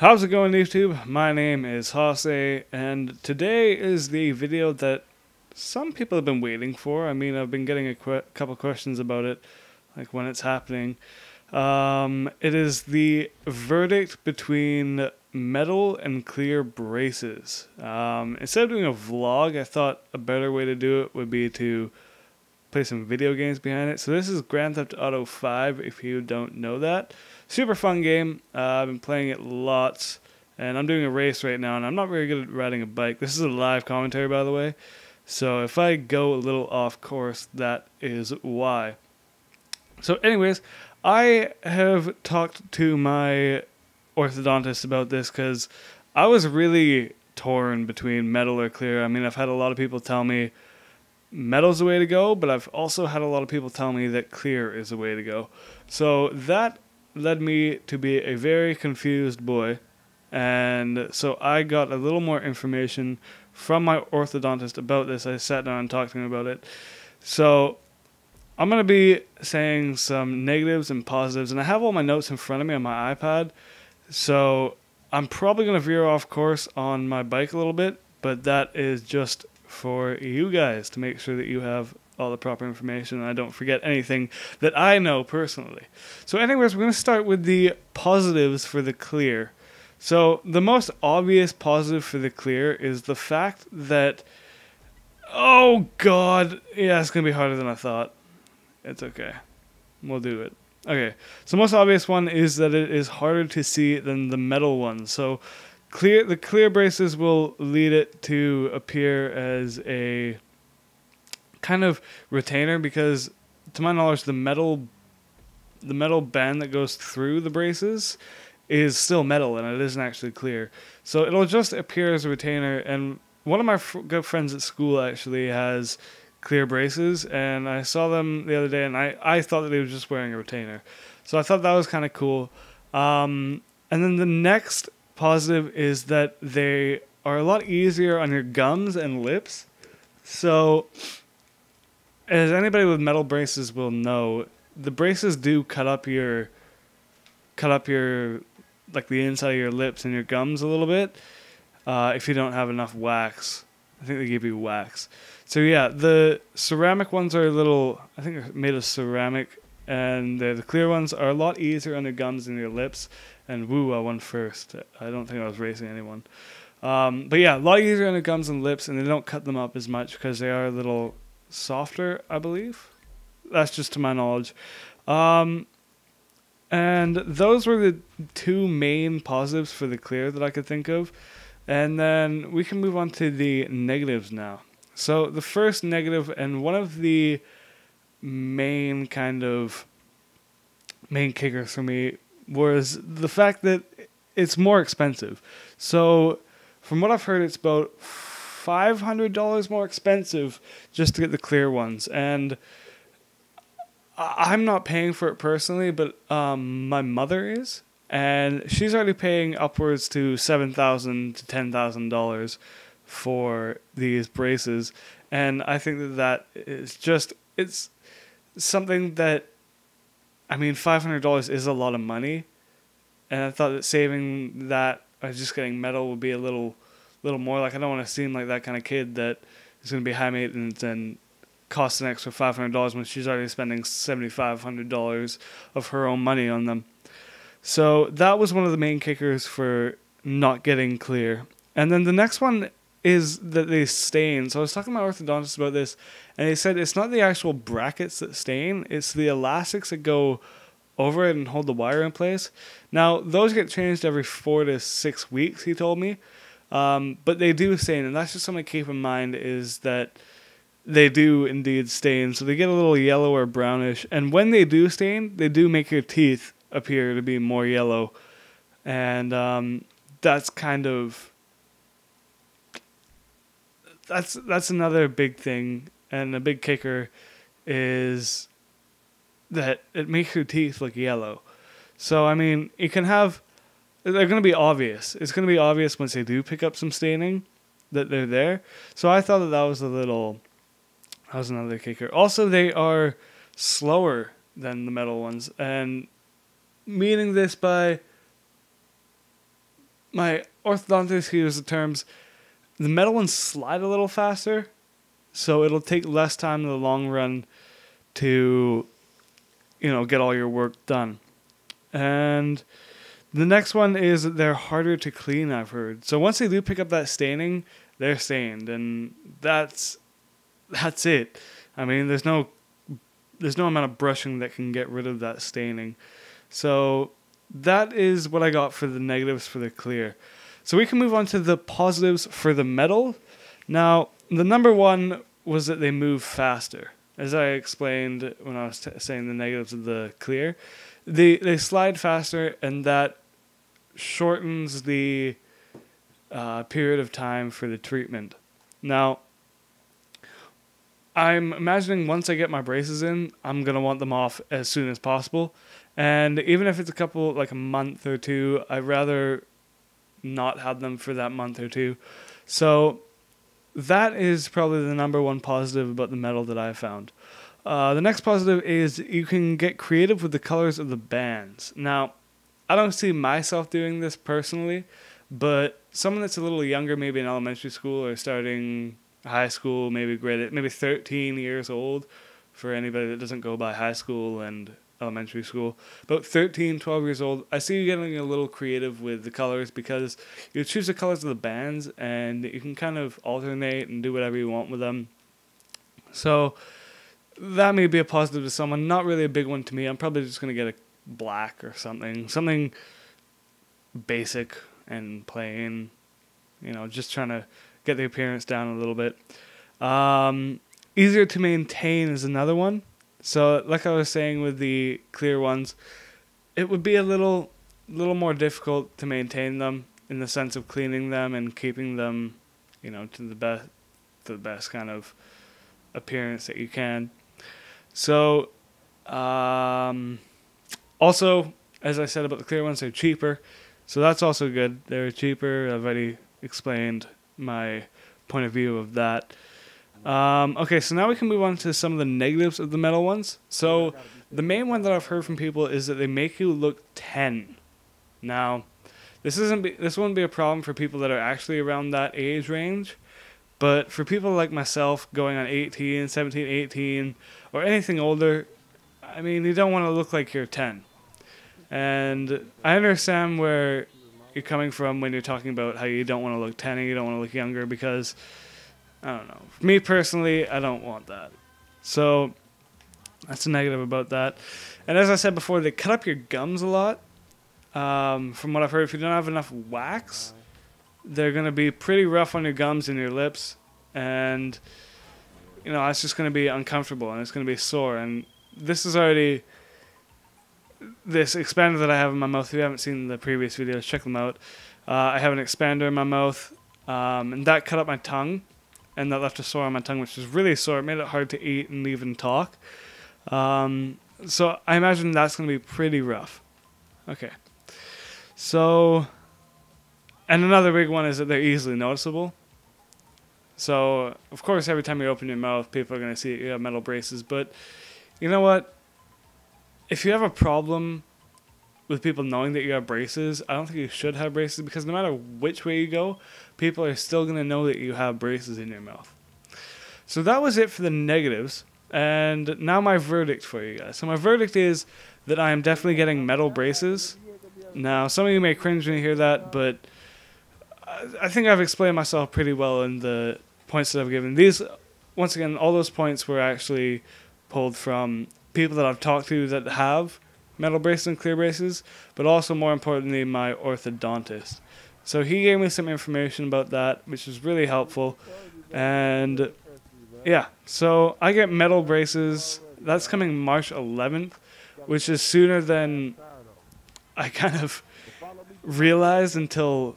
How's it going YouTube? My name is Hase and today is the video that some people have been waiting for. I mean I've been getting a couple questions about it, like when it's happening. Um, it is the verdict between metal and clear braces. Um, instead of doing a vlog, I thought a better way to do it would be to play some video games behind it. So this is Grand Theft Auto 5, if you don't know that. Super fun game. Uh, I've been playing it lots, and I'm doing a race right now, and I'm not very good at riding a bike. This is a live commentary, by the way. So if I go a little off course, that is why. So, anyways, I have talked to my orthodontist about this because I was really torn between metal or clear. I mean, I've had a lot of people tell me metal's the way to go, but I've also had a lot of people tell me that clear is the way to go. So that led me to be a very confused boy. And so I got a little more information from my orthodontist about this. I sat down and talked to him about it. So I'm going to be saying some negatives and positives. And I have all my notes in front of me on my iPad. So I'm probably going to veer off course on my bike a little bit, but that is just for you guys to make sure that you have all the proper information and I don't forget anything that I know personally. So, anyways, we're going to start with the positives for the clear. So, the most obvious positive for the clear is the fact that. Oh, God. Yeah, it's going to be harder than I thought. It's okay. We'll do it. Okay, so most obvious one is that it is harder to see than the metal one. So Clear the clear braces will lead it to appear as a kind of retainer because, to my knowledge, the metal the metal band that goes through the braces is still metal and it isn't actually clear. So it'll just appear as a retainer. And one of my good friends at school actually has clear braces and I saw them the other day and I, I thought that they were just wearing a retainer. So I thought that was kind of cool. Um, and then the next positive is that they are a lot easier on your gums and lips. So, as anybody with metal braces will know, the braces do cut up your cut up your like the inside of your lips and your gums a little bit uh, if you don't have enough wax. I think they give you wax. So yeah, the ceramic ones are a little. I think they're made of ceramic, and the, the clear ones are a lot easier on your gums and your lips and Woo, I won first. I don't think I was racing anyone. Um, but yeah, a lot easier on the gums and lips, and they don't cut them up as much because they are a little softer, I believe. That's just to my knowledge. Um, and those were the two main positives for the clear that I could think of. And then we can move on to the negatives now. So the first negative and one of the main kind of main kickers for me was the fact that it's more expensive. So, from what I've heard, it's about five hundred dollars more expensive just to get the clear ones, and I'm not paying for it personally, but um, my mother is, and she's already paying upwards to seven thousand to ten thousand dollars for these braces, and I think that that is just it's something that I mean, five hundred dollars is a lot of money, and I thought that saving that or just getting metal would be a little, little more. Like I don't want to seem like that kind of kid that is going to be high maintenance and cost an extra five hundred dollars when she's already spending seventy five hundred dollars of her own money on them. So that was one of the main kickers for not getting clear. And then the next one is that they stain. So I was talking to my orthodontist about this, and he said it's not the actual brackets that stain; it's the elastics that go over it and hold the wire in place. Now those get changed every four to six weeks. He told me, um, but they do stain, and that's just something to keep in mind is that they do indeed stain. So they get a little yellow or brownish, and when they do stain, they do make your teeth appear to be more yellow, and um, that's kind of that's that's another big thing and a big kicker is that it makes your teeth look yellow. So I mean, it can have they're going to be obvious. It's going to be obvious once they do pick up some staining that they're there. So I thought that that was a little that was another kicker. Also, they are slower than the metal ones, and meaning this by my orthodontist uses the terms the metal ones slide a little faster, so it'll take less time in the long run to, you know, get all your work done. And the next one is they're harder to clean, I've heard. So once they do pick up that staining, they're stained and that's that's it. I mean, there's no there's no amount of brushing that can get rid of that staining. So that is what I got for the negatives for the clear. So we can move on to the positives for the metal. Now, the number one was that they move faster. As I explained when I was t- saying the negatives of the clear, they they slide faster, and that shortens the uh, period of time for the treatment. Now, I'm imagining once I get my braces in, I'm gonna want them off as soon as possible, and even if it's a couple like a month or two, I'd rather not had them for that month or two. So that is probably the number one positive about the metal that I found. Uh, the next positive is you can get creative with the colors of the bands. Now, I don't see myself doing this personally, but someone that's a little younger, maybe in elementary school or starting high school, maybe grade maybe 13 years old, for anybody that doesn't go by high school and elementary school, about 13, 12 years old, I see you getting a little creative with the colors because you choose the colors of the bands and you can kind of alternate and do whatever you want with them. So that may be a positive to someone, not really a big one to me. I'm probably just going to get a black or something, something basic and plain, you know, just trying to get the appearance down a little bit. Um, easier to maintain is another one. So, like I was saying with the clear ones, it would be a little little more difficult to maintain them in the sense of cleaning them and keeping them, you know, to the best to the best kind of appearance that you can. So, um, also, as I said about the clear ones, they're cheaper. So that's also good. They're cheaper. I've already explained my point of view of that. Um, okay, so now we can move on to some of the negatives of the metal ones. So the main one that I've heard from people is that they make you look 10. Now, this isn't be, this wouldn't be a problem for people that are actually around that age range, but for people like myself going on 18, 17, 18 or anything older, I mean, you don't want to look like you're 10. And I understand where you're coming from when you're talking about how you don't want to look 10 and you don't want to look younger because I don't know. Me personally, I don't want that. So that's a negative about that. And as I said before, they cut up your gums a lot. Um, from what I've heard, if you don't have enough wax, they're going to be pretty rough on your gums and your lips. And, you know, it's just going to be uncomfortable and it's going to be sore. And this is already this expander that I have in my mouth. If you haven't seen the previous videos, check them out. Uh, I have an expander in my mouth, um, and that cut up my tongue and that left a sore on my tongue, which was really sore. It made it hard to eat and even talk. Um, so I imagine that's going to be pretty rough. Okay. So, and another big one is that they're easily noticeable. So, of course, every time you open your mouth, people are going to see you have metal braces. But you know what? If you have a problem with people knowing that you have braces. I don't think you should have braces because no matter which way you go, people are still going to know that you have braces in your mouth. So that was it for the negatives. And now my verdict for you guys. So my verdict is that I am definitely getting metal braces. Now, some of you may cringe when you hear that, but I think I've explained myself pretty well in the points that I've given. These, once again, all those points were actually pulled from people that I've talked to that have metal braces and clear braces, but also more importantly, my orthodontist. So he gave me some information about that, which was really helpful. And yeah, so I get metal braces. That's coming March 11th, which is sooner than I kind of realized until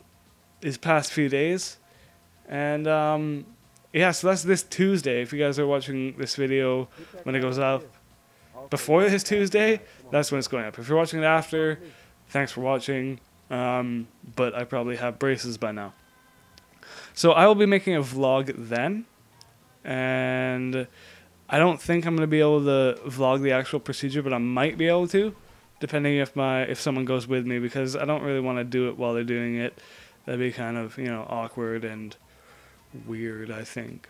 these past few days. And um, yeah, so that's this Tuesday. If you guys are watching this video when it goes up, before this Tuesday, that's when it's going up. If you're watching it after, thanks for watching. Um, but I probably have braces by now. So I will be making a vlog then, and I don't think I'm gonna be able to vlog the actual procedure, but I might be able to, depending if my if someone goes with me because I don't really want to do it while they're doing it. That'd be kind of you know awkward and weird. I think.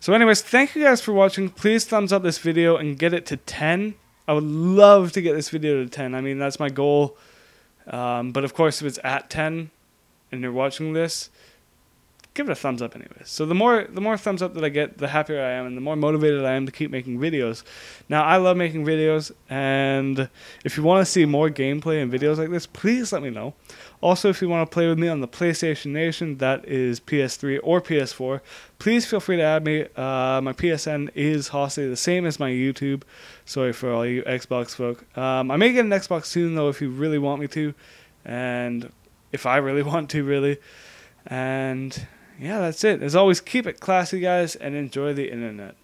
So anyways, thank you guys for watching. Please thumbs up this video and get it to 10. I would love to get this video to 10. I mean, that's my goal. Um, but of course, if it's at 10 and you're watching this, give it a thumbs up anyways. So the more the more thumbs up that I get, the happier I am, and the more motivated I am to keep making videos. Now I love making videos, and if you want to see more gameplay and videos like this, please let me know. Also, if you want to play with me on the PlayStation Nation, that is PS3 or PS4, please feel free to add me. Uh, my PSN is Hosty, the same as my YouTube. Sorry for all you Xbox folk. Um, I may get an Xbox soon though, if you really want me to, and if I really want to, really. And yeah, that's it. As always, keep it classy, guys, and enjoy the internet.